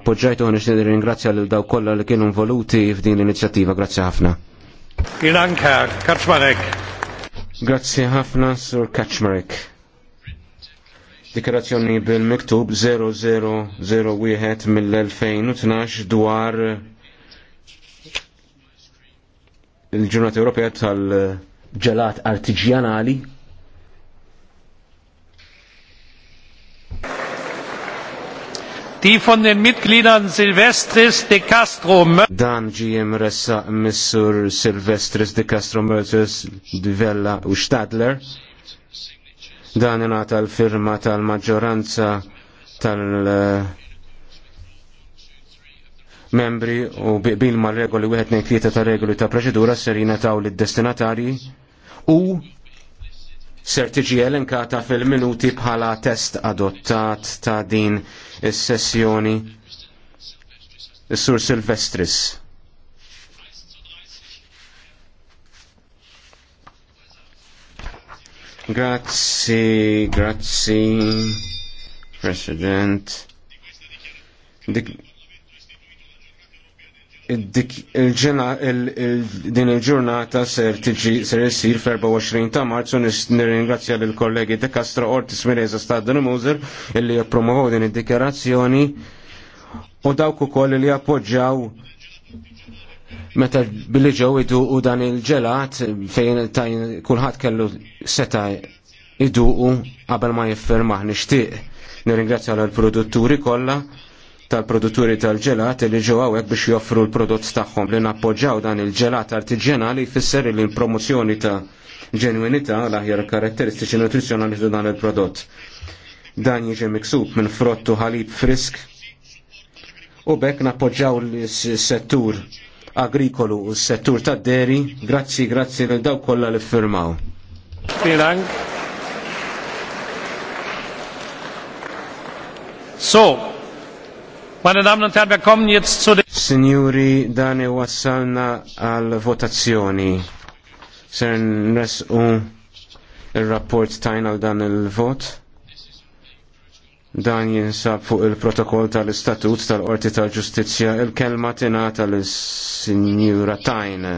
appoġġajtu għan nixtieq ringrazzja lil daw kollha li kienu involuti f'din l-inizjattiva. Grazzi ħafna. Ilanka, Kaczmarek. Grazzi ħafna, Sur Kaczmarek. Dikarazzjoni bil-miktub 0001 mill-2012 dwar il-ġurnata Ewropea tal-ġelat artiġjanali die von den Mitgliedern Silvestris de Castro Dan GM ressa Missur Silvestris de Castro Mertes di Vella u Stadler. Dan jena tal firma tal-maġġoranza tal- eh, membri u bil ma regoli 1, 2, 3 ta' regoli ta' proċedura serina taw lid destinatari u ser tiġi elenkata fil-minuti bħala test adottat ta' din is-sessjoni. Is-Sur Silvestris. Grazzi, grazzi, President. Dik din il-ġurnata ser tiġi ser jessir fl-24 ta' marzu nirringrazzja l kollegi De Castro Ortis Mireza Stadden Muser illi jippromovaw din id-dikjarazzjoni u dawk ukoll li appoġġjaw meta billi ġew idu u dan il-ġelat fejn tajn kulħadd kellu seta' iduqu qabel ma jiffirmaħ nixtieq. Nirringrazzja l-produtturi kollha tal-produtturi tal-ġelat li ġew hawnhekk biex joffru l-prodott tagħhom li nappoġġaw dan il-ġelat artiġjanali jfisser li l-promozzjoni ta' ġenwinità l-aħjar karatteristiċi nutrizzjonali ta' dan il-prodott. Dan jiġi miksub minn frottu ħalib frisk u bekk nappoġġaw l-settur agrikolu u s-settur tad-deri. Grazzi, grazzi lil dawk kollha li ffirmaw. So, Meine Damen und Herren, wir kommen jetzt zu den... Signori, dani wassalna għal votazzjoni. Ser nresqu il-rapport tajna għal dan il-vot. Dan jinsab fuq il-protokoll tal-istatut tal-Qorti tal-Ġustizzja il-kelma tingħata lis-Sinjura Tajna.